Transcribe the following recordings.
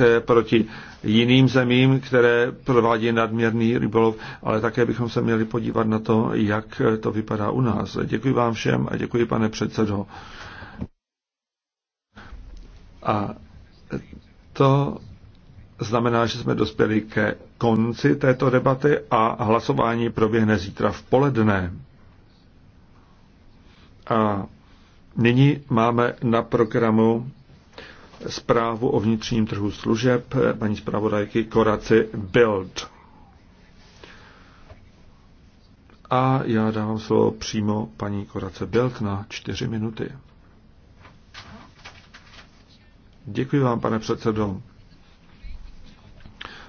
sankce proti jiným zemím, které provádí nadměrný rybolov, ale také bychom se měli podívat na to, jak to vypadá u nás. Děkuji vám všem a děkuji, pane předsedo. A to znamená, že jsme dospěli ke konci této debaty a hlasování proběhne zítra v poledne. A nyní máme na programu zprávu o vnitřním trhu služeb paní zpravodajky Koraci Build. A já dávám slovo přímo paní Korace Bild na čtyři minuty. Děkuji vám, pane předsedo.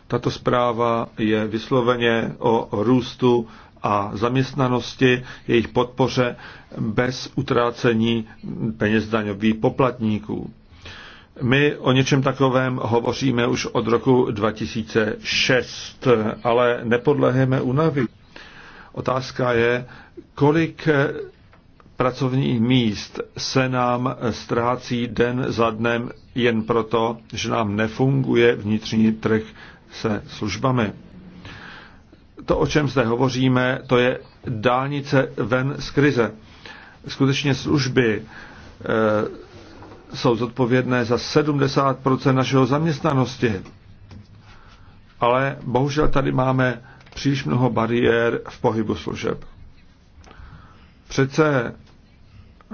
Tato zpráva je vysloveně o růstu a zaměstnanosti, jejich podpoře bez utrácení peněz daňových poplatníků. My o něčem takovém hovoříme už od roku 2006, ale nepodleheme únavy. Otázka je, kolik pracovních míst se nám ztrácí den za dnem jen proto, že nám nefunguje vnitřní trh se službami. To, o čem zde hovoříme, to je dálnice ven z krize. Skutečně služby eh, jsou zodpovědné za 70% našeho zaměstnanosti. Ale bohužel tady máme příliš mnoho bariér v pohybu služeb. Přece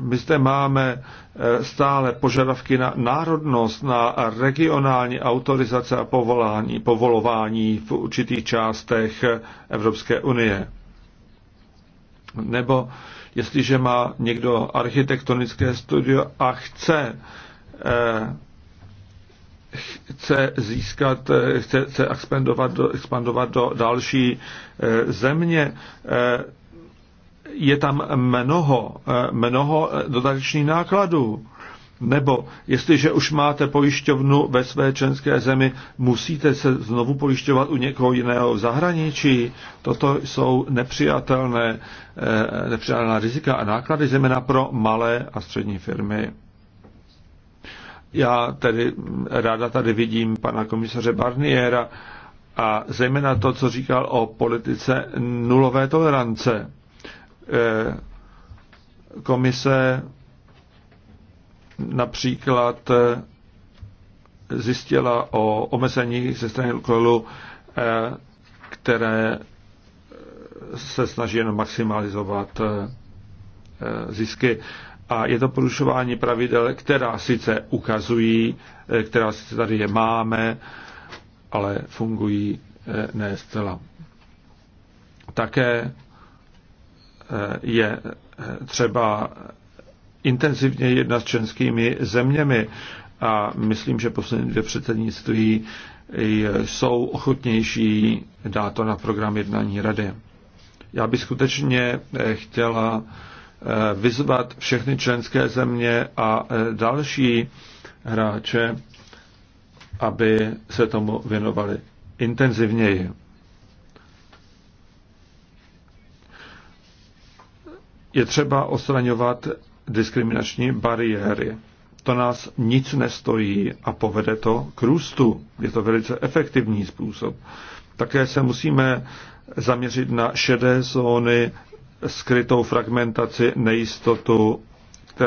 my zde máme eh, stále požadavky na národnost, na regionální autorizace a povolání, povolování v určitých částech Evropské unie. Nebo Jestliže má někdo architektonické studio a chce eh, chce získat, eh, chce, chce expandovat, do, expandovat do další eh, země, je tam mnoho, mnoho dodatečných nákladů. Nebo jestliže už máte pojišťovnu ve své členské zemi, musíte se znovu pojišťovat u někoho jiného v zahraničí. Toto jsou nepřijatelné, eh, nepřijatelná rizika a náklady zejména pro malé a střední firmy. Já tedy ráda tady vidím pana komisaře Barniera a zejména to, co říkal o politice nulové tolerance. Eh, komise například eh, zjistila o omezení ze strany Lukoilu, eh, které eh, se snaží jenom maximalizovat zisky. A je to porušování pravidel, která sice ukazují, která sice tady je máme, ale fungují ne zcela. Také je třeba intenzivně jednat s členskými zeměmi a myslím, že poslední dvě předsednictví jsou ochotnější dát to na program jednání rady. Já bych skutečně eh, chtěla eh, vyzvat všechny členské země a eh, další hráče, aby se tomu věnovali intenzivněji. Je třeba osraňovat diskriminační bariéry. To nás nic nestojí a povede to k růstu. Je to velice efektivní způsob. Také se musíme zaměřit na šedé zóny, skrytou fragmentaci, nejistotu,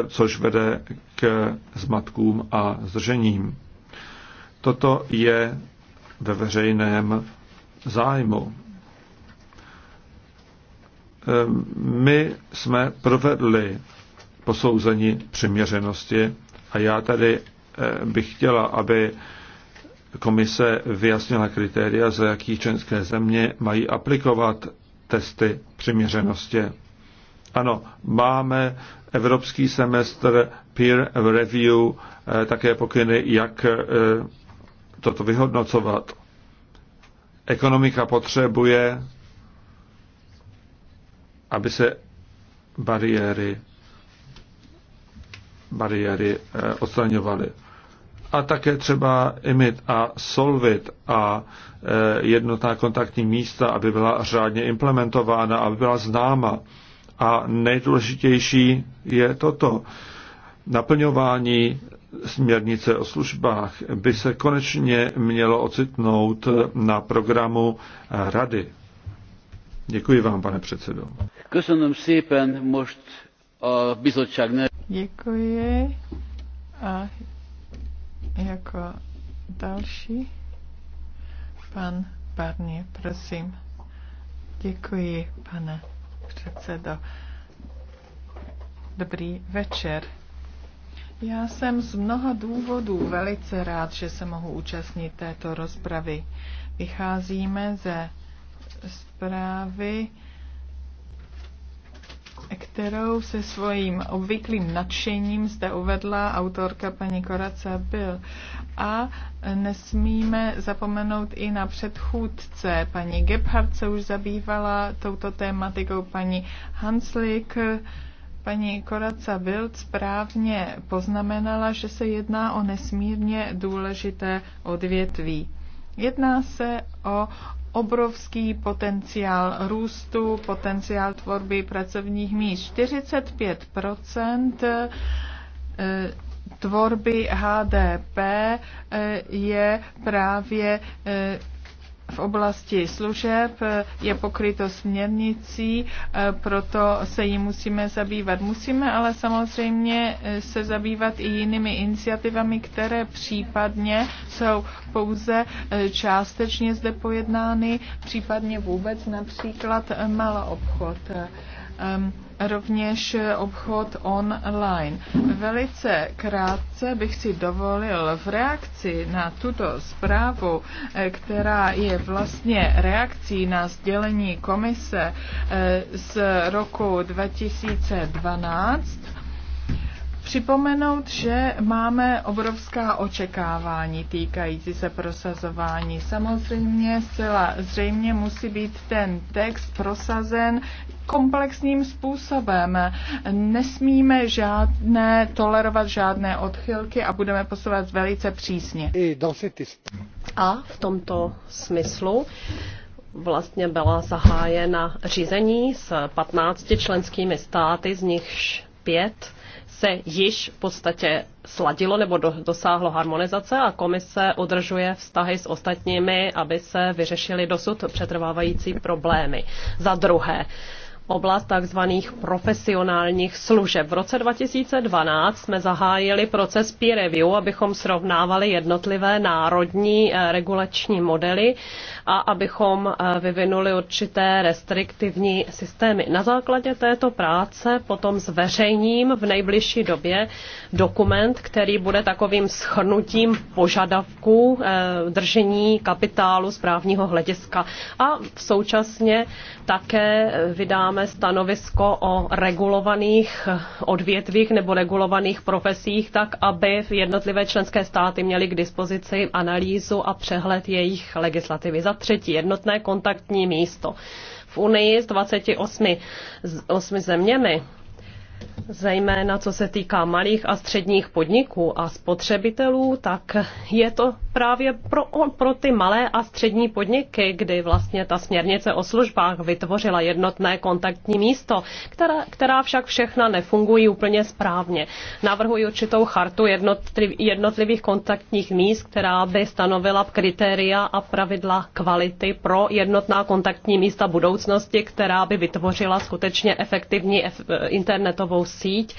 což vede k zmatkům a zdržením. Toto je ve veřejném zájmu. Ehm, my jsme provedli posouzení přiměřenosti. A já tady eh, bych chtěla, aby komise vyjasnila kritéria, za jakých členské země mají aplikovat testy přiměřenosti. Ano, máme evropský semestr peer review, eh, také pokyny, jak eh, toto vyhodnocovat. Ekonomika potřebuje, aby se bariéry bariéry eh, odstraňovaly. A také třeba IMIT a SOLVIT a eh, jednotná kontaktní místa, aby byla řádně implementována, aby byla známa. A nejdůležitější je toto. Naplňování směrnice o službách by se konečně mělo ocitnout na programu Rady. Děkuji vám, pane předsedo. Köszönöm szépen most a Děkuji. A jako další pan Barnier, prosím. Děkuji, pane předsedo. Dobrý večer. Já jsem z mnoha důvodů velice rád, že se mohu účastnit této rozpravy. Vycházíme ze zprávy kterou se svým obvyklým nadšením zde uvedla autorka paní Koraca Byl. A nesmíme zapomenout i na předchůdce. Paní Gebhardt se už zabývala touto tématikou, paní Hanslik, Paní Koraca byl správně poznamenala, že se jedná o nesmírně důležité odvětví. Jedná se o obrovský potenciál růstu, potenciál tvorby pracovních míst. 45 eh, tvorby HDP eh, je právě eh, v oblasti služeb eh, je pokryto směrnicí, eh, proto se jí musíme zabývat. Musíme ale samozřejmě eh, se zabývat i jinými iniciativami, které případně jsou pouze částečně zde pojednány, případně vůbec například maloobchod. obchod rovněž obchod online. Velice krátce bych si dovolil v reakci na tuto zprávu, eh, která je vlastně reakcí na sdělení komise eh, z roku 2012, připomenout, že máme obrovská očekávání týkající se prosazování. Samozřejmě zcela zřejmě musí být ten text prosazen komplexním způsobem. Nesmíme žádné, tolerovat žádné odchylky a budeme posouvat velice přísně. A v tomto smyslu vlastně byla zahájena řízení s 15 členskými státy, z nichž pět se již v podstatě sladilo nebo do, dosáhlo harmonizace a komise udržuje vztahy s ostatními, aby se vyřešily dosud přetrvávající problémy. Za druhé, oblast takzvaných profesionálních služeb. V roce 2012 jsme zahájili proces peer review, abychom srovnávali jednotlivé národní eh, regulační modely a abychom eh, vyvinuli určité restriktivní systémy. Na základě této práce potom zveřejním v nejbližší době dokument, který bude takovým schrnutím požadavků eh, držení kapitálu správního hlediska. A současně také vydáme máme stanovisko o regulovaných odvětvích nebo regulovaných profesích, tak aby jednotlivé členské státy měly k dispozici analýzu a přehled jejich legislativy. Za třetí, jednotné kontaktní místo. V Unii s 28 z osmi zeměmi zejména co se týká malých a středních podniků a spotřebitelů, tak je to právě pro, pro ty malé a střední podniky, kdy vlastně ta směrnice o službách vytvořila jednotné kontaktní místo, která, která však všechna nefungují úplně správně. Navrhuji určitou chartu jednotlivých kontaktních míst, která by stanovila kritéria a pravidla kvality pro jednotná kontaktní místa budoucnosti, která by vytvořila skutečně efektivní eh, internetovou internetovou síť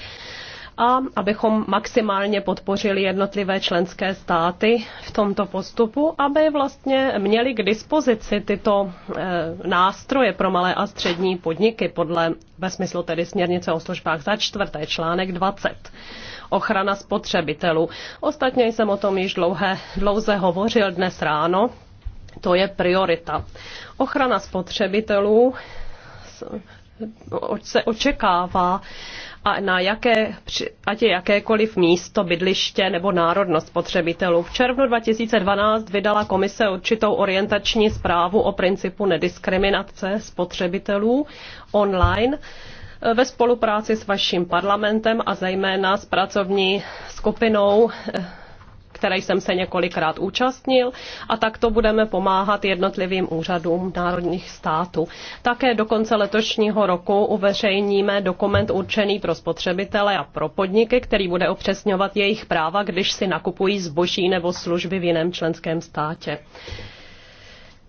a abychom maximálně podpořili jednotlivé členské státy v tomto postupu, aby vlastně měli k dispozici tyto eh, nástroje pro malé a střední podniky podle ve smyslu tedy směrnice o službách za čtvrté článek 20 ochrana spotřebitelů. Ostatně jsem o tom již dlouhé, dlouze hovořil dnes ráno. To je priorita. Ochrana spotřebitelů se očekává a na jaké, ať je jakékoliv místo, bydliště nebo národnost potřebitelů. V červnu 2012 vydala komise určitou orientační zprávu o principu nediskriminace spotřebitelů online eh, ve spolupráci s vaším parlamentem a zejména s pracovní skupinou eh, které jsem se několikrát účastnil a takto budeme pomáhat jednotlivým úřadům národních států. Také do konce letošního roku uveřejníme dokument určený pro spotřebitele a pro podniky, který bude opřesňovat jejich práva, když si nakupují zboží nebo služby v jiném členském státě.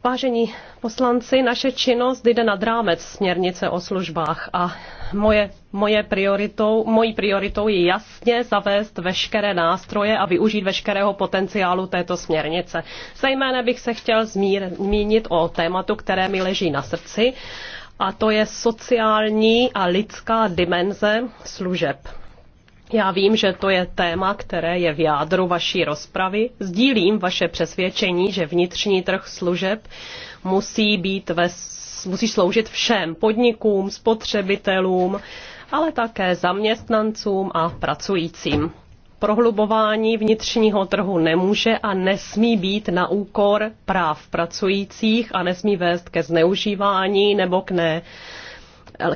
Vážení poslanci, naše činnost jde nad rámec směrnice o službách a moje, moje prioritou, mojí prioritou je jasně zavést veškeré nástroje a využít veškerého potenciálu této směrnice. Zejména bych se chtěl zmínit o tématu, které mi leží na srdci, a to je sociální a lidská dimenze služeb já vím, že to je téma, které je v jádru vaší rozpravy. Sdílím vaše přesvědčení, že vnitřní trh služeb musí být ve, musí sloužit všem podnikům, spotřebitelům, ale také zaměstnancům a pracujícím. Prohlubování vnitřního trhu nemůže a nesmí být na úkor práv pracujících a nesmí vést ke zneužívání nebo k ne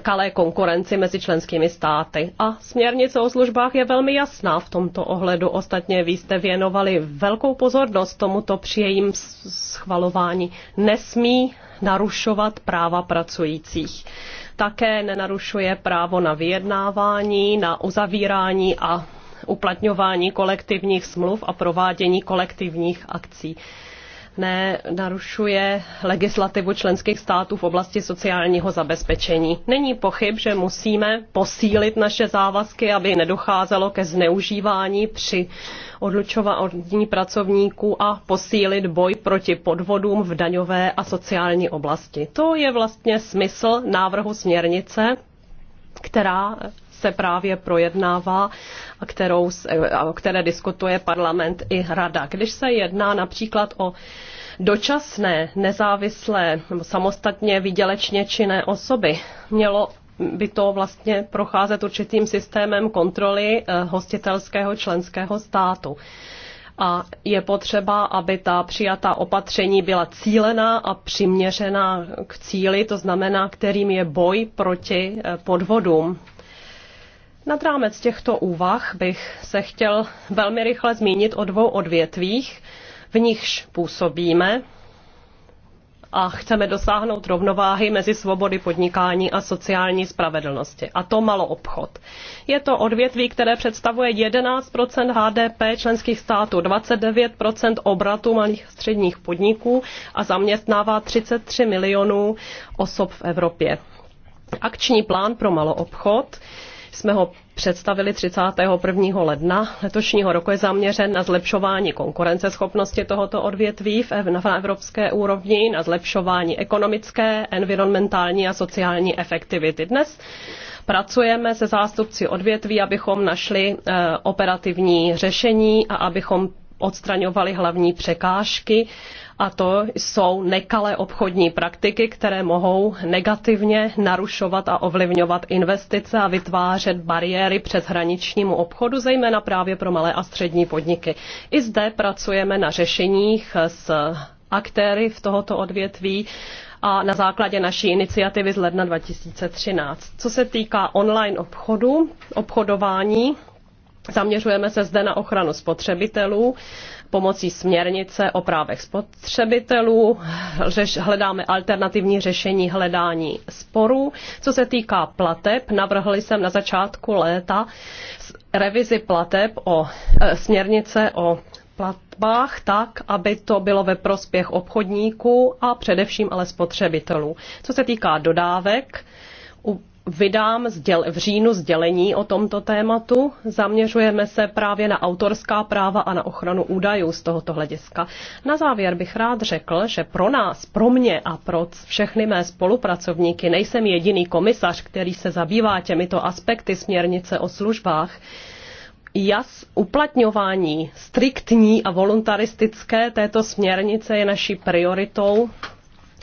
kalé konkurenci mezi členskými státy. A směrnice o službách je velmi jasná v tomto ohledu. Ostatně vy jste věnovali velkou pozornost tomuto při jejím schvalování. Nesmí narušovat práva pracujících. Také nenarušuje právo na vyjednávání, na uzavírání a uplatňování kolektivních smluv a provádění kolektivních akcí nenarušuje legislativu členských států v oblasti sociálního zabezpečení. Není pochyb, že musíme posílit naše závazky, aby nedocházelo ke zneužívání při odlučování pracovníků a posílit boj proti podvodům v daňové a sociální oblasti. To je vlastně smysl návrhu směrnice, která se právě projednává a kterou, o které diskutuje parlament i rada. Když se jedná například o dočasné, nezávislé, samostatně výdělečně činné osoby, mělo by to vlastně procházet určitým systémem kontroly eh, hostitelského členského státu a je potřeba, aby ta přijatá opatření byla cílená a přiměřená k cíli, to znamená, kterým je boj proti eh, podvodům. Nad rámec těchto úvah bych se chtěl velmi rychle zmínit o dvou odvětvích, v nichž působíme a chceme dosáhnout rovnováhy mezi svobody podnikání a sociální spravedlnosti. A to malo obchod. Je to odvětví, které představuje 11 HDP členských států, 29 obratu malých a středních podniků a zaměstnává 33 milionů osob v Evropě. Akční plán pro malo obchod jsme ho představili 31. ledna letošního roku, je zaměřen na zlepšování konkurenceschopnosti tohoto odvětví v, evropské úrovni, na zlepšování ekonomické, environmentální a sociální efektivity. Dnes pracujeme se zástupci odvětví, abychom našli eh, operativní řešení a abychom odstraňovali hlavní překážky a to jsou nekalé obchodní praktiky, které mohou negativně narušovat a ovlivňovat investice a vytvářet bariéry přeshraničnímu obchodu, zejména právě pro malé a střední podniky. I zde pracujeme na řešeních s aktéry v tohoto odvětví a na základě naší iniciativy z ledna 2013. Co se týká online obchodu, obchodování, Zaměřujeme se zde na ochranu spotřebitelů pomocí směrnice o právech spotřebitelů, řeš, hledáme alternativní řešení hledání sporů. Co se týká plateb, navrhli jsem na začátku léta revizi plateb o e, směrnice o platbách tak, aby to bylo ve prospěch obchodníků a především ale spotřebitelů. Co se týká dodávek, vydám v říjnu sdělení o tomto tématu. Zaměřujeme se právě na autorská práva a na ochranu údajů z tohoto hlediska. Na závěr bych rád řekl, že pro nás, pro mě a pro všechny mé spolupracovníky nejsem jediný komisař, který se zabývá těmito aspekty směrnice o službách jas uplatňování striktní a voluntaristické této směrnice je naší prioritou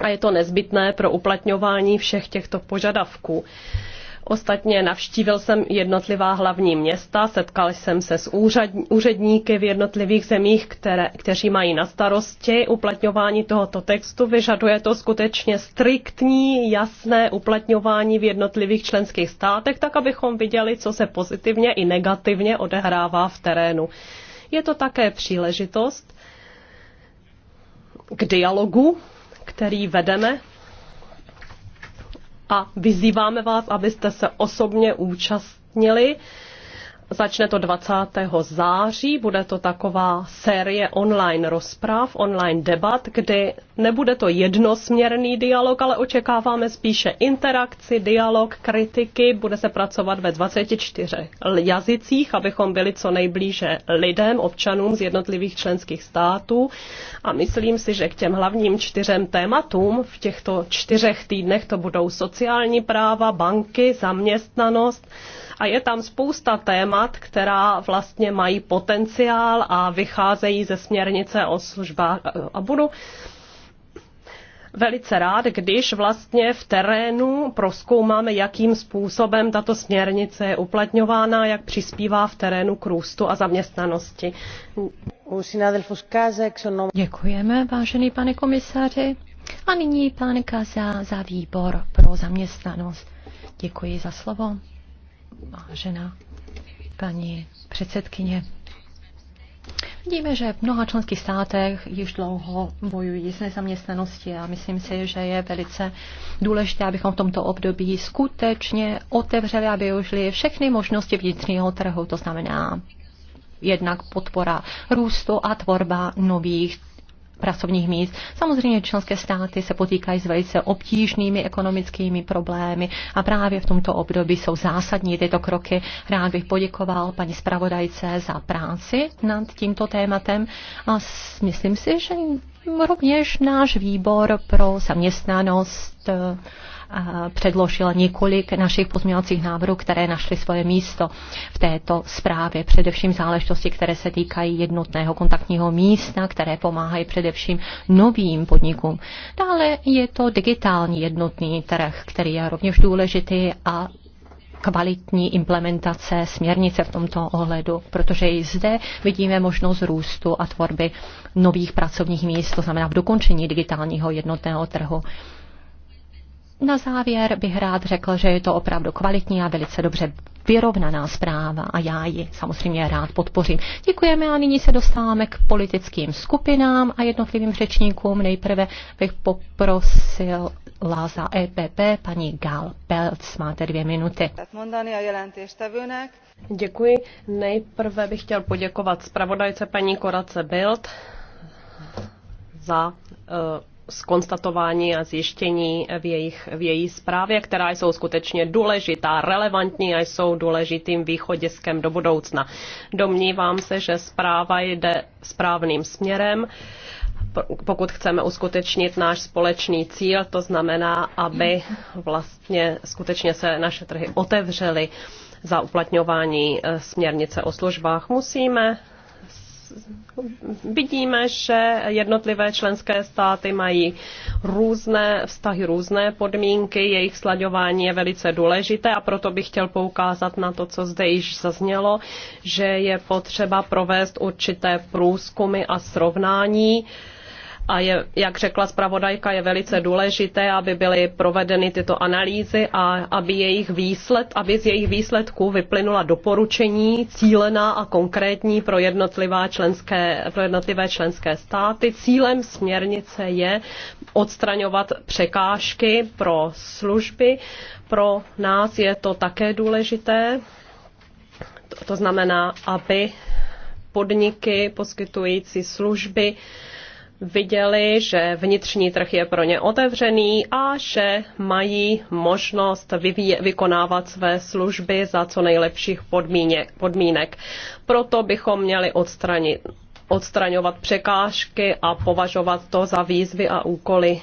a je to nezbytné pro uplatňování všech těchto požadavků. Ostatně navštívil jsem jednotlivá hlavní města, setkal jsem se s úředníky v jednotlivých zemích, které, kteří mají na starosti uplatňování tohoto textu. Vyžaduje to skutečně striktní, jasné uplatňování v jednotlivých členských státech, tak abychom viděli, co se pozitivně i negativně odehrává v terénu. Je to také příležitost k dialogu který vedeme a vyzýváme vás, abyste se osobně účastnili. Začne to 20. září, bude to taková série online rozpráv, online debat, kdy Nebude to jednosměrný dialog, ale očekáváme spíše interakci, dialog, kritiky. Bude se pracovat ve 24 jazycích, abychom byli co nejblíže lidem, občanům z jednotlivých členských států. A myslím si, že k těm hlavním čtyřem tématům v těchto čtyřech týdnech to budou sociální práva, banky, zaměstnanost, a je tam spousta témat, která vlastně mají potenciál a vycházejí ze směrnice o službách a budu velice rád, když vlastně v terénu proskoumáme, jakým způsobem tato směrnice je uplatňována, jak přispívá v terénu k růstu a zaměstnanosti. Děkujeme, vážený pane komisaři. A nyní pan Kaza za výbor pro zaměstnanost. Děkuji za slovo, vážená paní předsedkyně. Vidíme, že v mnoha členských státech již dlouho bojují s nezaměstnaností a myslím si, že je velice důležité, abychom v tomto období skutečně otevřeli a využili všechny možnosti vnitřního trhu, to znamená jednak podpora růstu a tvorba nových pracovních míst. Samozřejmě členské státy se potýkají s velice obtížnými ekonomickými problémy a právě v tomto období jsou zásadní tyto kroky. Rád bych poděkoval paní zpravodajce za práci nad tímto tématem a myslím si, že rovněž náš výbor pro zaměstnanost předložil několik našich pozměňovacích návrhů, které našly svoje místo v této zprávě. Především záležitosti, které se týkají jednotného kontaktního místa, které pomáhají především novým podnikům. Dále je to digitální jednotný trh, který je rovněž důležitý a kvalitní implementace směrnice v tomto ohledu, protože i zde vidíme možnost růstu a tvorby nových pracovních míst, to znamená v dokončení digitálního jednotného trhu na závěr bych rád řekl, že je to opravdu kvalitní a velice dobře vyrovnaná zpráva a já ji samozřejmě rád podpořím. Děkujeme a nyní se dostáváme k politickým skupinám a jednotlivým řečníkům. Nejprve bych poprosil Láza EPP paní Gal Pelc. Máte dvě minuty. Děkuji. Nejprve bych chtěl poděkovat zpravodajce paní Korace Bild za uh, skonstatování a zjištění v, jejich, v její zprávě, která jsou skutečně důležitá, relevantní a jsou důležitým východiskem do budoucna. Domnívám se, že zpráva jde správným směrem, pokud chceme uskutečnit náš společný cíl, to znamená, aby vlastně skutečně se naše trhy otevřely za uplatňování eh, směrnice o službách. Musíme vidíme, že jednotlivé členské státy mají různé vztahy, různé podmínky, jejich slaďování je velice důležité a proto bych chtěl poukázat na to, co zde již zaznělo, že je potřeba provést určité průzkumy a srovnání a je, jak řekla zpravodajka, je velice důležité, aby byly provedeny tyto analýzy a aby, jejich výsled, aby z jejich výsledků vyplynula doporučení cílená a konkrétní pro, jednotlivá členské, pro jednotlivé členské státy. Cílem směrnice je odstraňovat překážky pro služby. Pro nás je to také důležité. To znamená, aby podniky poskytující služby viděli, že vnitřní trh je pro ně otevřený a že mají možnost vyvíje, vykonávat své služby za co nejlepších podmíně, podmínek. Proto bychom měli odstranit, odstraňovat překážky a považovat to za výzvy a úkoly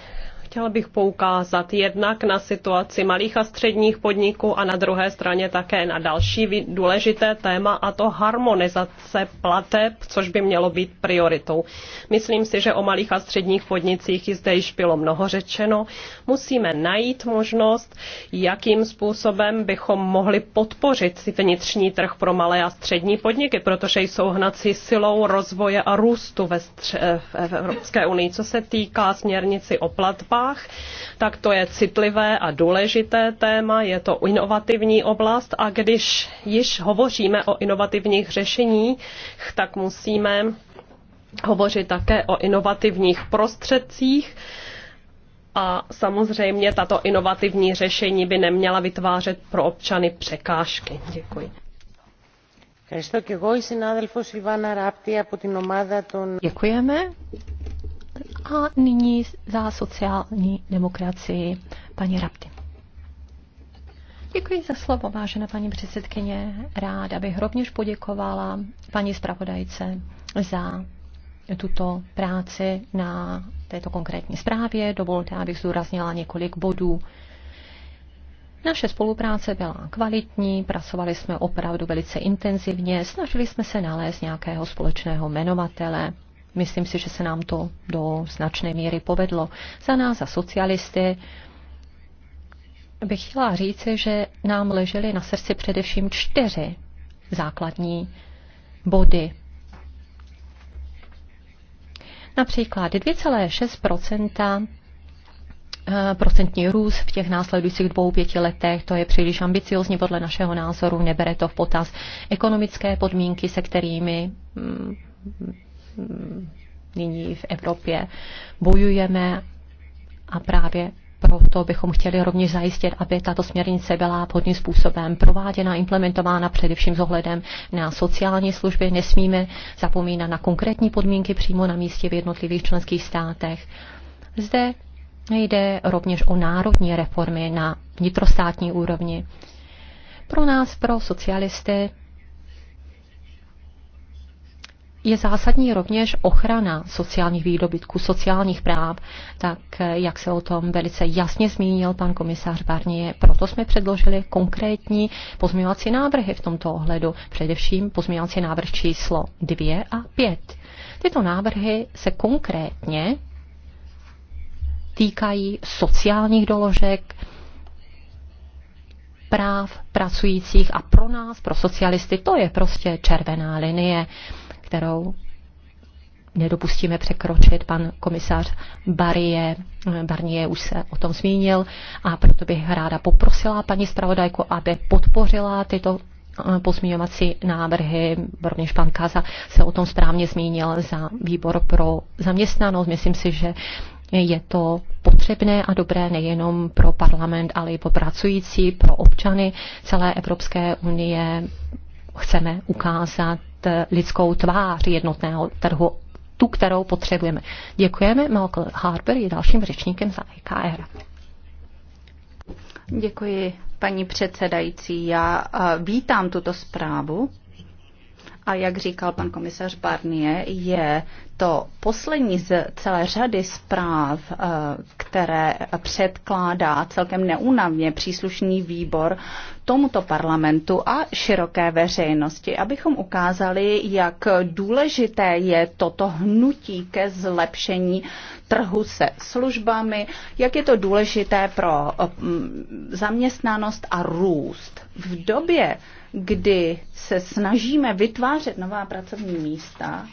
Chtěla bych poukázat jednak na situaci malých a středních podniků a na druhé straně také na další důležité téma a to harmonizace plateb, což by mělo být prioritou. Myslím si, že o malých a středních podnicích i zde již bylo mnoho řečeno. Musíme najít možnost, jakým způsobem bychom mohli podpořit si vnitřní trh pro malé a střední podniky, protože jsou hnací silou rozvoje a růstu ve stře- v Evropské unii. Co se týká směrnici o platba službách, tak to je citlivé a důležité téma, je to inovativní oblast a když již hovoříme o inovativních řešeních, tak musíme hovořit také o inovativních prostředcích, a samozřejmě tato inovativní řešení by neměla vytvářet pro občany překážky. Děkuji. Děkujeme. A nyní za sociální demokracii paní Rapty. Děkuji za slovo, vážená paní předsedkyně. Ráda bych rovněž poděkovala paní zpravodajce za tuto práci na této konkrétní zprávě. Dovolte, abych zdůraznila několik bodů. Naše spolupráce byla kvalitní, pracovali jsme opravdu velice intenzivně, snažili jsme se nalézt nějakého společného jmenovatele. Myslím si, že se nám to do značné míry povedlo. Za nás, za socialisty, bych chtěla říci, že nám ležely na srdci především čtyři základní body. Například 2,6 eh, procentní růst v těch následujících dvou, pěti letech. To je příliš ambiciozní podle našeho názoru, nebere to v potaz ekonomické podmínky, se kterými mm, Mm, nyní v Evropě bojujeme a právě proto bychom chtěli rovněž zajistit, aby tato směrnice byla vhodným způsobem prováděna, implementována především s ohledem na sociální služby. Nesmíme zapomínat na konkrétní podmínky přímo na místě v jednotlivých členských státech. Zde jde rovněž o národní reformy na vnitrostátní úrovni. Pro nás, pro socialisty, je zásadní rovněž ochrana sociálních výdobytků, sociálních práv, tak eh, jak se o tom velice jasně zmínil pan komisář Barnier. Proto jsme předložili konkrétní pozměňovací návrhy v tomto ohledu, především pozměňovací návrh číslo 2 a 5. Tyto návrhy se konkrétně týkají sociálních doložek, práv pracujících a pro nás, pro socialisty, to je prostě červená linie kterou nedopustíme překročit. Pan komisař Barie, Barnier už se o tom zmínil a proto bych ráda poprosila paní zpravodajku, aby podpořila tyto eh, pozměňovací návrhy, rovněž pan Kaza se o tom správně zmínil za výbor pro zaměstnanost. Myslím si, že je to potřebné a dobré nejenom pro parlament, ale i pro pracující, pro občany celé Evropské unie. Chceme ukázat Eh, lidskou tvář jednotného trhu, tu, kterou potřebujeme. Děkujeme. Malcolm Harper je dalším řečníkem za EKR. Děkuji, paní předsedající. Já eh, vítám tuto zprávu a jak říkal pan komisař Barnier, je to poslední z celé řady zpráv, eh, které předkládá celkem neúnavně příslušný výbor tomuto parlamentu a široké veřejnosti, abychom ukázali, jak důležité je toto hnutí ke zlepšení trhu se službami, jak je to důležité pro eh, zaměstnanost a růst. V době kdy se snažíme vytvářet nová pracovní místa,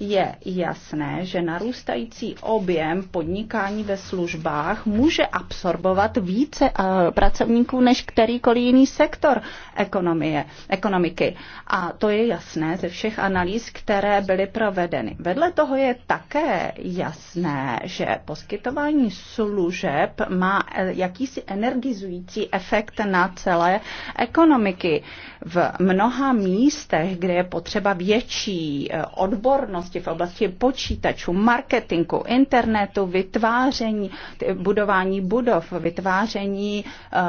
je jasné, že narůstající objem podnikání ve službách může absorbovat více eh, pracovníků než kterýkoliv jiný sektor ekonomie, ekonomiky. A to je jasné ze všech analýz, které byly provedeny. Vedle toho je také jasné, že poskytování služeb má eh, jakýsi energizující efekt na celé ekonomiky. V mnoha místech, kde je potřeba větší eh, odbornost, zkušenosti v oblasti počítačů, marketingu, internetu, vytváření, budování budov, vytváření. Eh,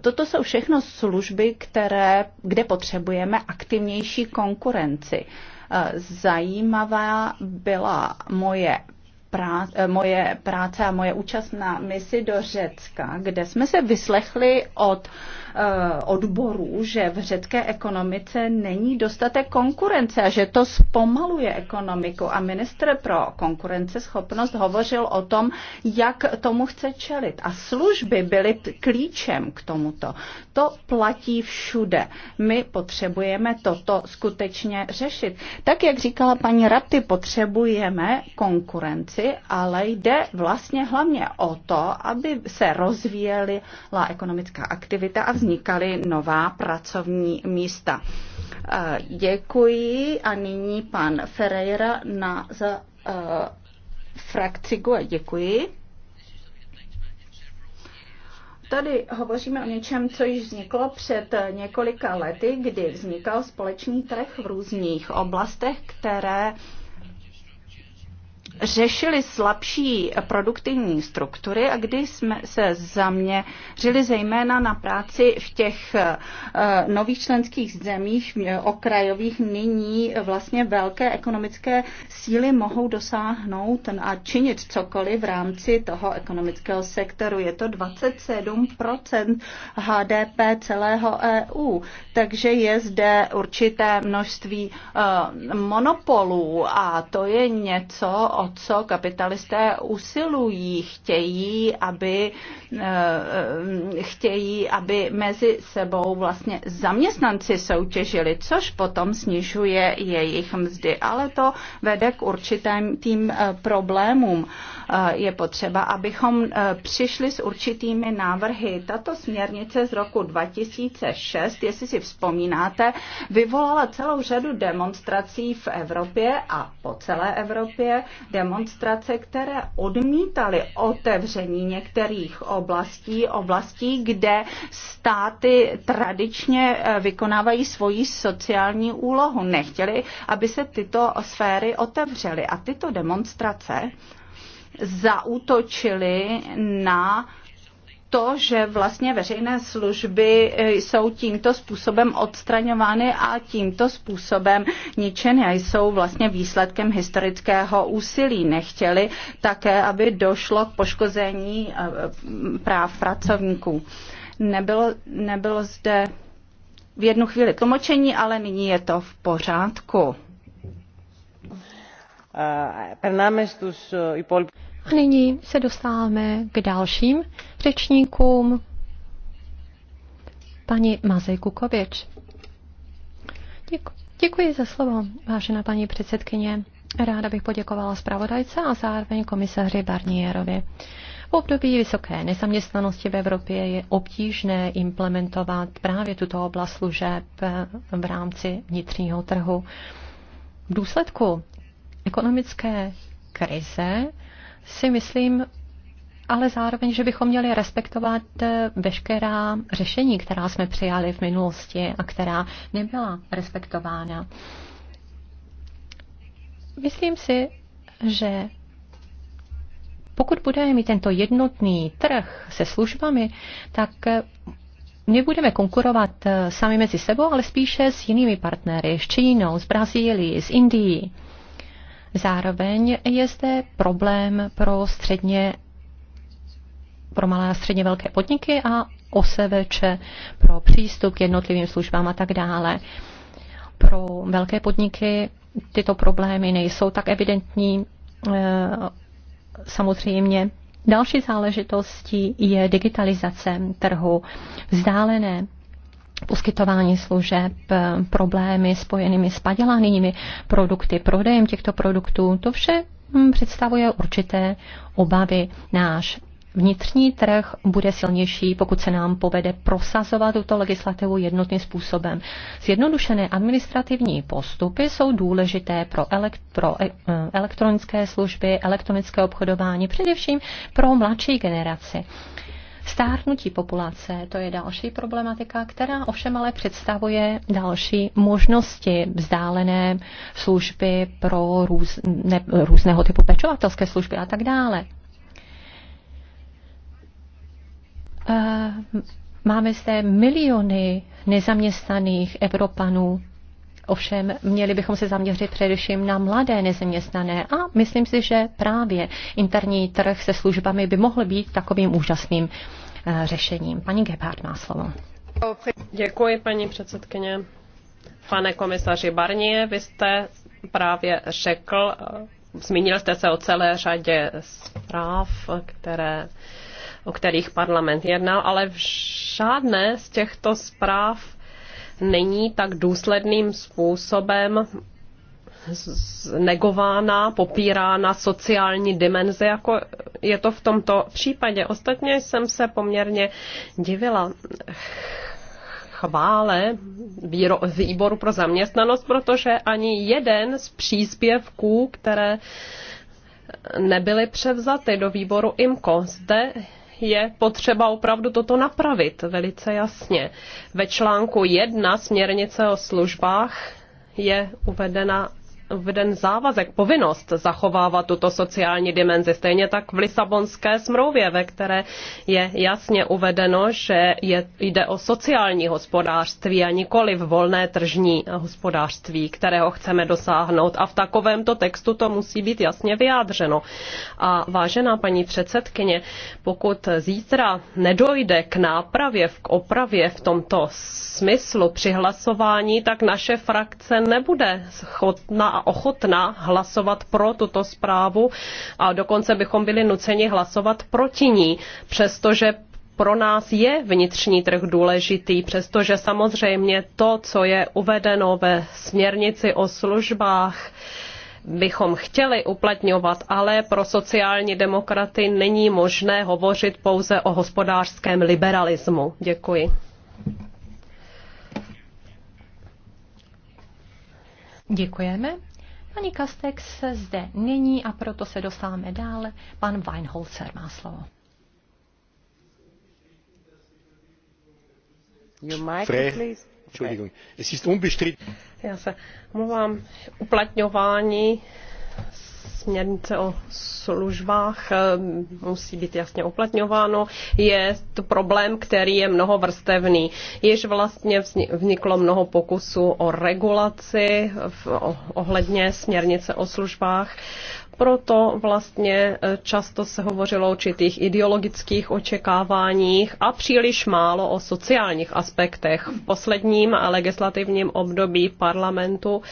toto jsou všechno služby, které, kde potřebujeme aktivnější konkurenci. Eh, zajímavá byla moje eh, moje práce a moje účast na misi do Řecka, kde jsme se vyslechli od uh, Eh, odborů, že v řecké ekonomice není dostatek konkurence a že to zpomaluje ekonomiku. A ministr pro konkurenceschopnost hovořil o tom, jak tomu chce čelit. A služby byly klíčem k tomuto. To platí všude. My potřebujeme toto skutečně řešit. Tak, jak říkala paní Raty, potřebujeme konkurenci, ale jde vlastně hlavně o to, aby se rozvíjela ekonomická aktivita a vznikaly nová pracovní místa. Eh, děkuji a nyní pan Ferreira na, za uh, frakci GUE. Děkuji. Tady hovoříme o něčem, co již vzniklo před několika lety, kdy vznikal společný trh v různých oblastech, které uh, řešili slabší produktivní struktury a kdy jsme se zaměřili zejména na práci v těch eh, nových členských zemích, eh, okrajových, nyní vlastně velké ekonomické síly mohou dosáhnout a činit cokoliv v rámci toho ekonomického sektoru. Je to 27% HDP celého EU, takže je zde určité množství eh, monopolů a to je něco, o co kapitalisté usilují. Chtějí, aby, eh, eh, chtějí, aby mezi sebou vlastně zaměstnanci soutěžili, což potom snižuje jejich mzdy. Ale to vede k určitým tým eh, problémům. Je potřeba, abychom přišli s určitými návrhy. Tato směrnice z roku 2006, jestli si vzpomínáte, vyvolala celou řadu demonstrací v Evropě a po celé Evropě demonstrace, které odmítaly otevření některých oblastí, oblastí, kde státy tradičně eh, vykonávají svoji sociální úlohu. Nechtěli, aby se tyto sféry otevřely. A tyto demonstrace zautočily na to, že vlastně veřejné služby e, jsou tímto způsobem odstraňovány a tímto způsobem ničeny a jsou vlastně výsledkem historického úsilí. Nechtěli také, aby došlo k poškození e, práv pracovníků. Nebylo, nebylo zde v jednu chvíli tlumočení, ale nyní je to v pořádku. Uh, a nyní se dostáváme k dalším řečníkům. Paní Mazej Kukovič. Děku, děkuji za slovo, vážená paní předsedkyně. Ráda bych poděkovala zpravodajce a zároveň komisaři Barnierovi. V období vysoké nezaměstnanosti v Evropě je obtížné implementovat právě tuto oblast služeb v rámci vnitřního trhu. V důsledku ekonomické krize si myslím, ale zároveň, že bychom měli respektovat eh, veškerá řešení, která jsme přijali v minulosti a která nebyla respektována. Myslím si, že pokud budeme mít tento jednotný trh se službami, tak eh, nebudeme konkurovat eh, sami mezi sebou, ale spíše s jinými partnery, s Čínou, s Brazílií, s Indií. Zároveň je zde problém pro středně pro malé a středně velké podniky a OSVČ pro přístup k jednotlivým službám a tak dále. Pro velké podniky tyto problémy nejsou tak evidentní. Eh, samozřejmě další záležitostí je digitalizace trhu, vzdálené poskytování služeb, eh, problémy spojenými s padělanými produkty, prodejem těchto produktů, to vše hm, představuje určité obavy. Náš vnitřní trh bude silnější, pokud se nám povede prosazovat tuto legislativu jednotným způsobem. Zjednodušené administrativní postupy jsou důležité pro, elekt, pro eh, elektronické služby, elektronické obchodování, především pro mladší generaci. Stárnutí populace, to je další problematika, která ovšem ale představuje další možnosti vzdálené služby pro růz, ne, různého typu pečovatelské služby a tak dále. Eh, máme zde miliony nezaměstnaných Evropanů, Ovšem měli bychom se zaměřit především na mladé nezaměstnané a myslím si, že právě interní trh se službami by mohl být takovým úžasným eh, řešením. Paní Gebhardt má slovo. Děkuji, paní předsedkyně. Pane komisaři Barnie, vy jste právě řekl, eh, zmínil jste se o celé řadě zpráv, které, o kterých parlament jednal, ale v žádné z těchto zpráv není tak důsledným způsobem negována, popírána sociální dimenze, jako je to v tomto případě. Ostatně jsem se poměrně divila chvále výboru pro zaměstnanost, protože ani jeden z příspěvků, které nebyly převzaty do výboru IMCO. Zde je potřeba opravdu toto napravit velice jasně. Ve článku 1 směrnice o službách je uvedena uveden závazek, povinnost zachovávat tuto sociální dimenzi. Stejně tak v Lisabonské smlouvě, ve které je jasně uvedeno, že je, jde o sociální hospodářství a nikoli v volné tržní hospodářství, kterého chceme dosáhnout. A v takovémto textu to musí být jasně vyjádřeno. A vážená paní předsedkyně, pokud zítra nedojde k nápravě, k opravě v tomto smyslu při hlasování, tak naše frakce nebude schopna a ochotna hlasovat pro tuto zprávu a dokonce bychom byli nuceni hlasovat proti ní, přestože pro nás je vnitřní trh důležitý, přestože samozřejmě to, co je uvedeno ve směrnici o službách, bychom chtěli uplatňovat, ale pro sociální demokraty není možné hovořit pouze o hospodářském liberalismu. Děkuji. Děkujeme. Pani Kastex zde není a proto se dostáváme dále. Pan Weinholzer má slovo. Já se mluvám uplatňování směrnice o službách eh, musí být jasně uplatňováno, je to problém, který je mnohovrstevný. Již vlastně vzniklo mnoho pokusů o regulaci ohledně směrnice o službách. Proto vlastně eh, často se hovořilo o určitých ideologických očekáváních a příliš málo o sociálních aspektech. V posledním legislativním období parlamentu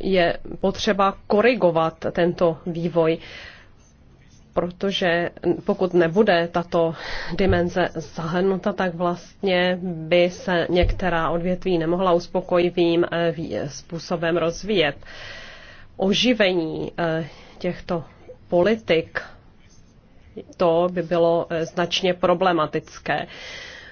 je potřeba korigovat tento vývoj, protože pokud nebude tato dimenze zahrnuta, tak vlastně by se některá odvětví nemohla uspokojivým eh, eh, způsobem rozvíjet. Oživení eh, těchto politik to by bylo značně problematické.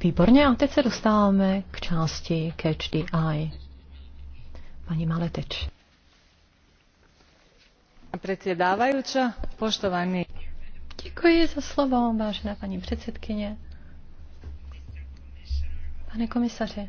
Výborně, a teď se dostáváme k části Catch the Eye. Paní Maleteč. Předsedávající, poštovaný. Děkuji za slovo, vážená paní předsedkyně. Pane komisaři,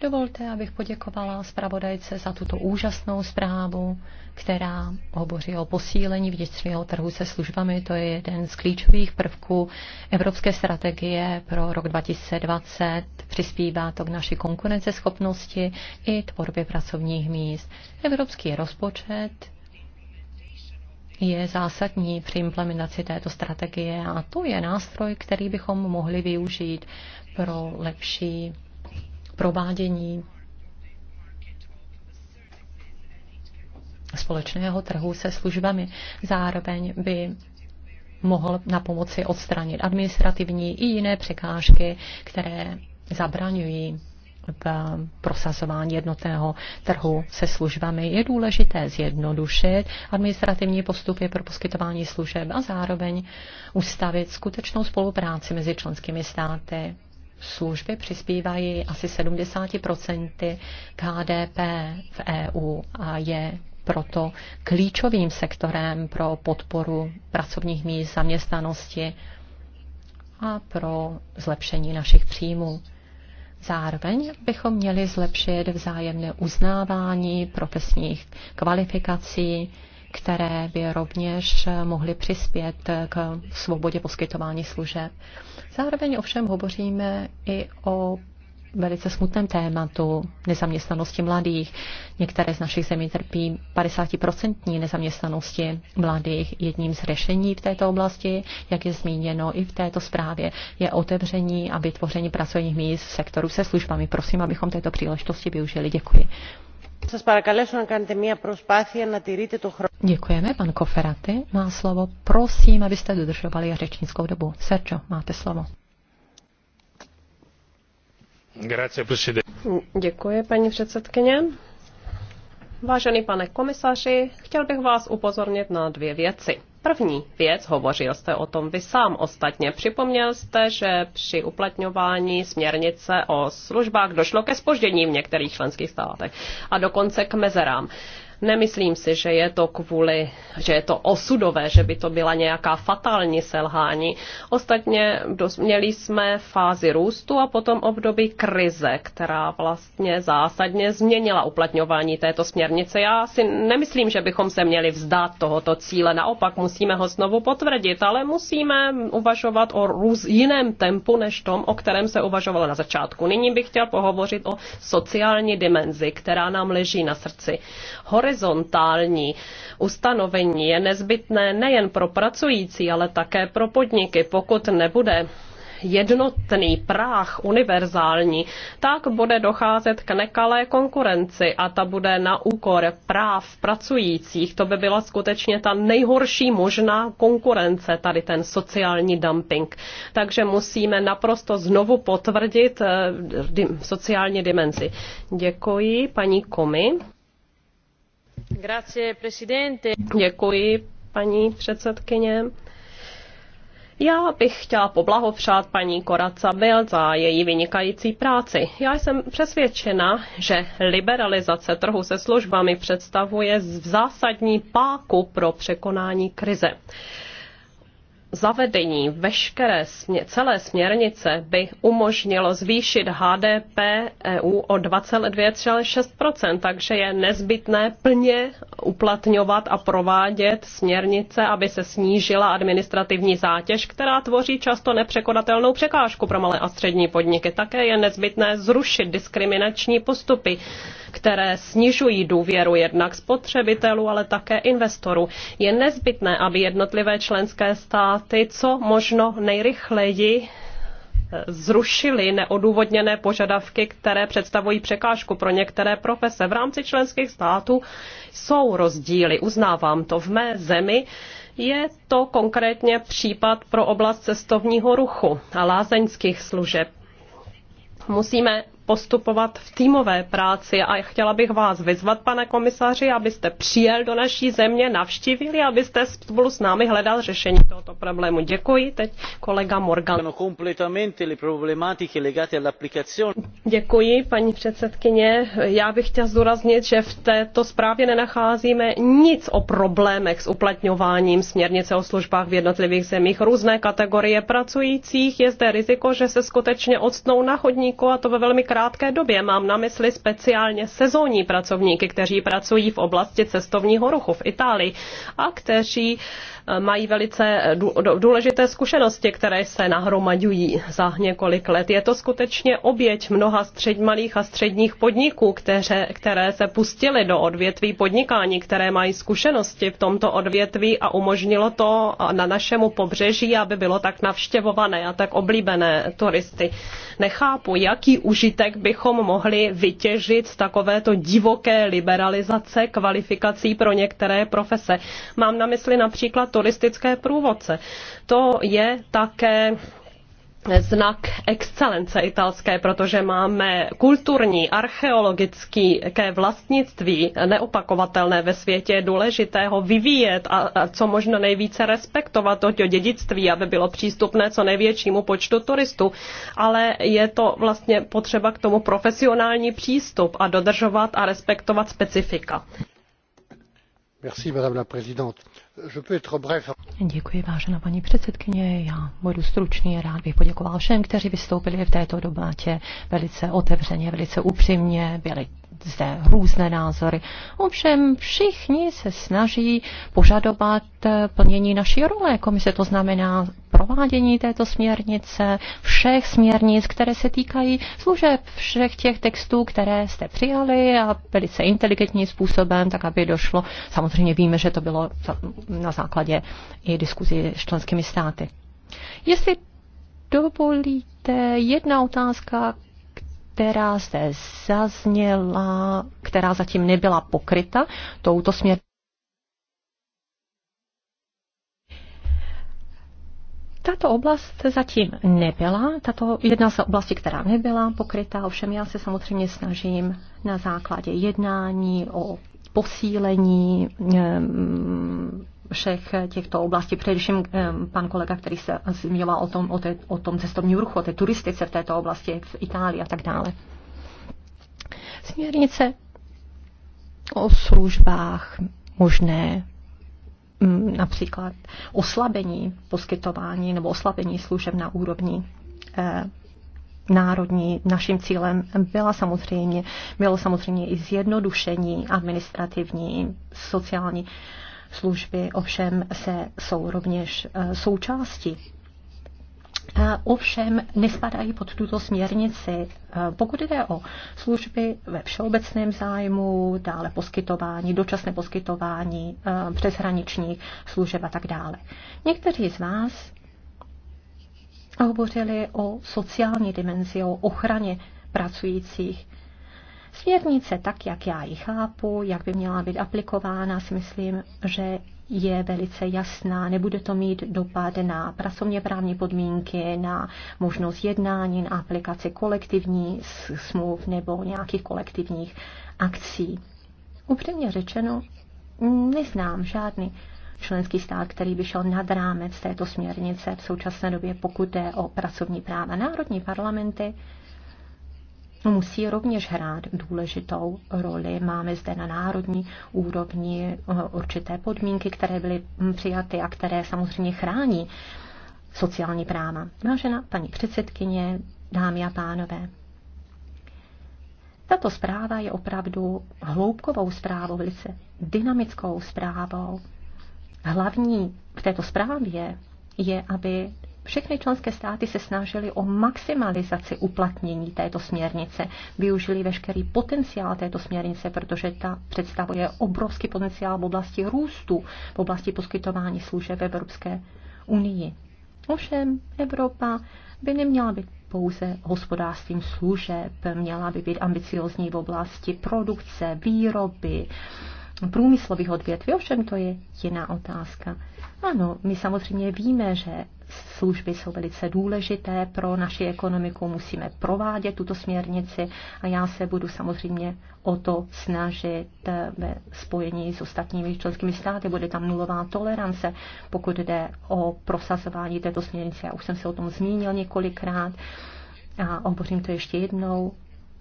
Dovolte, abych poděkovala zpravodajce za tuto úžasnou zprávu, která hovoří o posílení vnitřního trhu se službami. To je jeden z klíčových prvků Evropské strategie pro rok 2020. Přispívá to k naší konkurenceschopnosti i tvorbě pracovních míst. Evropský rozpočet je zásadní při implementaci této strategie a to je nástroj, který bychom mohli využít pro lepší provádění společného trhu se službami. Zároveň by mohl na pomoci odstranit administrativní i jiné překážky, které zabraňují v prosazování jednotného trhu se službami. Je důležité zjednodušit administrativní postupy pro poskytování služeb a zároveň ustavit skutečnou spolupráci mezi členskými státy služby přispívají asi 70% KDP v EU a je proto klíčovým sektorem pro podporu pracovních míst, zaměstnanosti a pro zlepšení našich příjmů. Zároveň bychom měli zlepšit vzájemné uznávání profesních kvalifikací, které by rovněž mohly přispět k svobodě poskytování služeb. Zároveň ovšem hovoříme i o velice smutném tématu nezaměstnanosti mladých. Některé z našich zemí trpí 50% nezaměstnanosti mladých. Jedním z řešení v této oblasti, jak je zmíněno i v této zprávě, je otevření a vytvoření pracovních míst v sektoru se službami. Prosím, abychom této příležitosti využili. Děkuji. Děkujeme, pan Koferaty má slovo. Prosím, abyste dodržovali řečnickou dobu. Sergio, máte slovo. Děkuji, paní předsedkyně. Vážený pane komisaři, chtěl bych vás upozornit na dvě věci. První věc, hovořil jste o tom vy sám ostatně, připomněl jste, že při uplatňování směrnice o službách došlo ke spoždění v některých členských státech a dokonce k mezerám. Nemyslím si, že je to kvůli, že je to osudové, že by to byla nějaká fatální selhání. Ostatně měli jsme fázi růstu a potom období krize, která vlastně zásadně změnila uplatňování této směrnice. Já si nemyslím, že bychom se měli vzdát tohoto cíle. Naopak musíme ho znovu potvrdit, ale musíme uvažovat o růz, jiném tempu než tom, o kterém se uvažovalo na začátku. Nyní bych chtěl pohovořit o sociální dimenzi, která nám leží na srdci. Hor horizontální ustanovení je nezbytné nejen pro pracující, ale také pro podniky. Pokud nebude jednotný práh univerzální, tak bude docházet k nekalé konkurenci a ta bude na úkor práv pracujících. To by byla skutečně ta nejhorší možná konkurence, tady ten sociální dumping. Takže musíme naprosto znovu potvrdit eh, sociální dimenzi. Děkuji paní Komi. Děkuji, paní předsedkyně. Já bych chtěla poblahopřát paní Koraca Bill za její vynikající práci. Já jsem přesvědčena, že liberalizace trhu se službami představuje zásadní páku pro překonání krize zavedení veškeré smě, celé směrnice by umožnilo zvýšit HDP EU o 22,6%, takže je nezbytné plně uplatňovat a provádět směrnice, aby se snížila administrativní zátěž, která tvoří často nepřekonatelnou překážku pro malé a střední podniky. Také je nezbytné zrušit diskriminační postupy, které snižují důvěru jednak spotřebitelů, ale také investorů. Je nezbytné, aby jednotlivé členské státy státy co možno nejrychleji eh, zrušili neodůvodněné požadavky, které představují překážku pro některé profese. V rámci členských států jsou rozdíly, uznávám to. V mé zemi je to konkrétně případ pro oblast cestovního ruchu a lázeňských služeb. Musíme postupovat v týmové práci a chtěla bych vás vyzvat, pane komisaři, abyste přijel do naší země, navštívili, abyste spolu s námi hledal řešení tohoto problému. Děkuji. Teď kolega Morgan. Děkuji, paní předsedkyně. Já bych chtěla zdůraznit, že v této zprávě nenacházíme nic o problémech s uplatňováním směrnice o službách v jednotlivých zemích. Různé kategorie pracujících je zde riziko, že se skutečně odstnou na chodníku a to ve velmi krátké době. Mám na mysli speciálně sezónní pracovníky, kteří pracují v oblasti cestovního ruchu v Itálii a kteří uh, Eh, mají velice důležité zkušenosti, které se nahromaďují za několik let. Je to skutečně oběť mnoha střed, malých a středních podniků, které, které se pustily do odvětví podnikání, které mají zkušenosti v tomto odvětví a umožnilo to na našemu pobřeží, aby bylo tak navštěvované a tak oblíbené turisty. Nechápu, jaký užitek bychom mohli vytěžit z takovéto divoké liberalizace kvalifikací pro některé profese. Mám na mysli například turistické průvodce. To je také znak excelence italské, protože máme kulturní, archeologické vlastnictví neopakovatelné ve světě je důležité ho vyvíjet a, a co možno nejvíce respektovat toto dědictví, aby bylo přístupné co největšímu počtu turistů. Ale je to vlastně potřeba k tomu profesionální přístup a dodržovat a respektovat specifika. Děkuji, vážená paní předsedkyně. Já budu stručný. a Rád bych poděkoval všem, kteří vystoupili v této debatě velice otevřeně, velice upřímně. Byly zde různé názory. Ovšem všichni se snaží požadovat plnění naší role komise. To znamená provádění této směrnice, všech směrnic, které se týkají služeb, všech těch textů, které jste přijali a velice inteligentním způsobem, tak aby došlo. Samozřejmě víme, že to bylo na základě i diskuzi s členskými státy. Jestli dovolíte, jedna otázka, která zde zazněla, která zatím nebyla pokryta touto směrnicí, Tato oblast zatím nebyla, tato jedna z oblastí, která nebyla pokrytá, ovšem já se samozřejmě snažím na základě jednání o posílení ehm, všech těchto oblastí. Především ehm, pan kolega, který se zmiňoval o tom, o, té, o tom cestovním ruchu, o té turistice v této oblasti, v Itálii a tak dále. Směrnice o službách možné například oslabení poskytování nebo oslabení služeb na úrovni eh, národní. Naším cílem byla samozřejmě, bylo samozřejmě i zjednodušení administrativní, sociální služby, ovšem se jsou rovněž eh, součástí ovšem nespadají pod tuto směrnici. E, pokud jde o služby ve všeobecném zájmu, dále poskytování, dočasné poskytování e, přeshraničních služeb a tak dále. Někteří z vás hovořili o sociální dimenzi, o ochraně pracujících. Směrnice, tak jak já ji chápu, jak by měla být aplikována, si myslím, že je velice jasná. Nebude to mít dopad na pracovně právní podmínky, na možnost jednání, na aplikaci kolektivní smluv nebo nějakých kolektivních akcí. Upřímně řečeno, neznám žádný členský stát, který by šel nad rámec této směrnice v současné době, pokud jde o pracovní práva. Národní parlamenty No, musí rovněž hrát důležitou roli. Máme zde na národní úrovni eh, určité podmínky, které byly hm, přijaty a které samozřejmě chrání sociální práva. Vážená paní předsedkyně, dámy a pánové, tato zpráva je opravdu hloubkovou zprávou, velice dynamickou zprávou. Hlavní v této zprávě je, aby všechny členské státy se snažily o maximalizaci uplatnění této směrnice, využili veškerý potenciál této směrnice, protože ta představuje obrovský potenciál v oblasti růstu, v oblasti poskytování služeb Evropské unii. Ovšem, Evropa by neměla být pouze hospodářstvím služeb, měla by být ambiciozní v oblasti produkce, výroby, průmyslových odvětví. Ovšem to je jiná otázka. Ano, my samozřejmě víme, že služby jsou velice důležité pro naši ekonomiku, musíme provádět tuto směrnici a já se budu samozřejmě o to snažit ve spojení s ostatními členskými státy. Bude tam nulová tolerance, pokud jde o prosazování této směrnice. Já už jsem se o tom zmínil několikrát a obořím to ještě jednou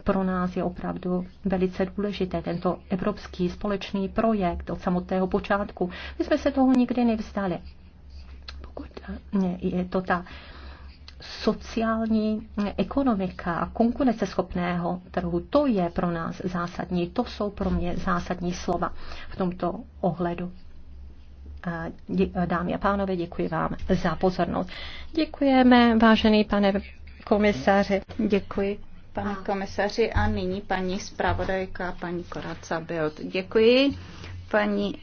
pro nás je opravdu velice důležité tento evropský společný projekt od samotného počátku. My jsme se toho nikdy nevzdali pokud je to ta sociální ekonomika a konkurenceschopného trhu, to je pro nás zásadní, to jsou pro mě zásadní slova v tomto ohledu. Dámy a pánové, děkuji vám za pozornost. Děkujeme, vážený pane komisaři. Děkuji. Pane komisaři a nyní paní zpravodajka, paní Koraca Biot. Děkuji, paní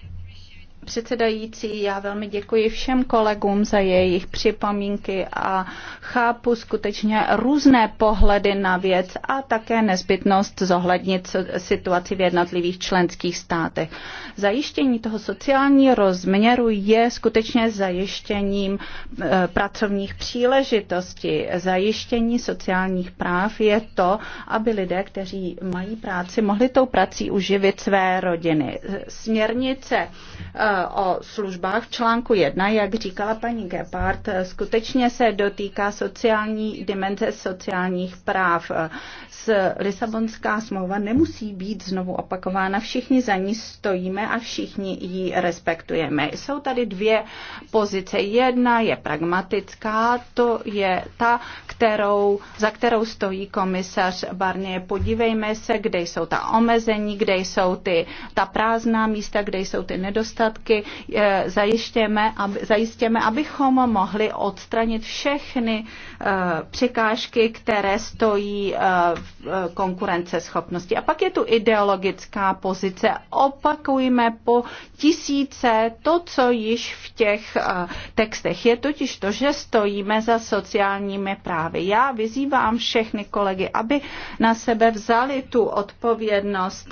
předsedající, já velmi děkuji všem kolegům za jejich připomínky a chápu skutečně různé pohledy na věc a také nezbytnost zohlednit situaci v jednotlivých členských státech. Zajištění toho sociální rozměru je skutečně zajištěním e, pracovních příležitostí. Zajištění sociálních práv je to, aby lidé, kteří mají práci, mohli tou prací uživit své rodiny. Směrnice e, Eh, o službách v článku 1, jak říkala paní Gepard, eh, skutečně se dotýká sociální dimenze sociálních práv. Eh, s Lisabonská smlouva nemusí být znovu opakována. Všichni za ní stojíme a všichni ji respektujeme. Jsou tady dvě pozice. Jedna je pragmatická, to je ta, kterou, za kterou stojí komisař Barnier. Podívejme se, kde jsou ta omezení, kde jsou ty, ta prázdná místa, kde jsou ty nedostatky prostředky eh, zajištěme, aby, zajistěme, abychom mohli odstranit všechny eh, překážky, které stojí eh, v konkurenceschopnosti. A pak je tu ideologická pozice. Opakujme po tisíce to, co již v těch textech je, totiž to, že stojíme za sociálními právy. Já vyzývám všechny kolegy, aby na sebe vzali tu odpovědnost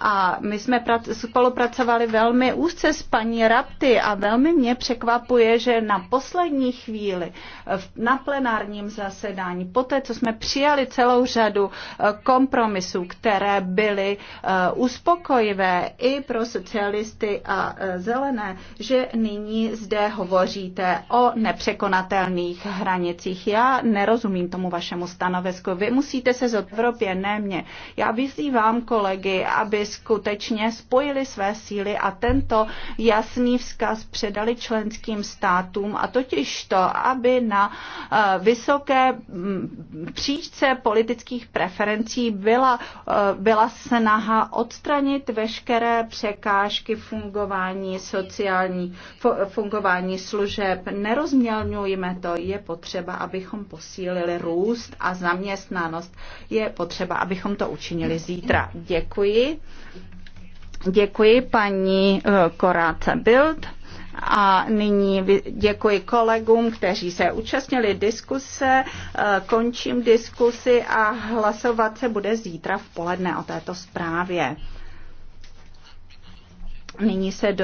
a my jsme spolupracovali velmi úzce s paní Rapty a velmi mě překvapuje, že na poslední chvíli eh, na plenárním zasedání, poté co jsme přijali celou řadu eh, kompromisů, které byly eh, uspokojivé i pro socialisty a zelené, že nyní zde hovoříte o nepřekonatelných hranicích. Já nerozumím tomu vašemu stanovisku. Vy musíte se z Evropě, ne mě. Já vyzývám kolegy, aby skutečně spojili své síly a tento jasný vzkaz předali členským státům a totiž to, aby na eh, vysoké mm, příčce politických preferencí byla, eh, byla snaha odstranit veškeré překážky fungování sociální, fungování služeb. Nerozmělňujme to, je potřeba, abychom posílili růst a zaměstnanost. Je potřeba, abychom to učinili zítra. Děkuji. Děkuji paní eh, Koráce Bild a nyní děkuji kolegům, kteří se účastnili diskuse. Eh, končím diskusi a hlasovat se bude zítra v poledne o této zprávě. Nyní se do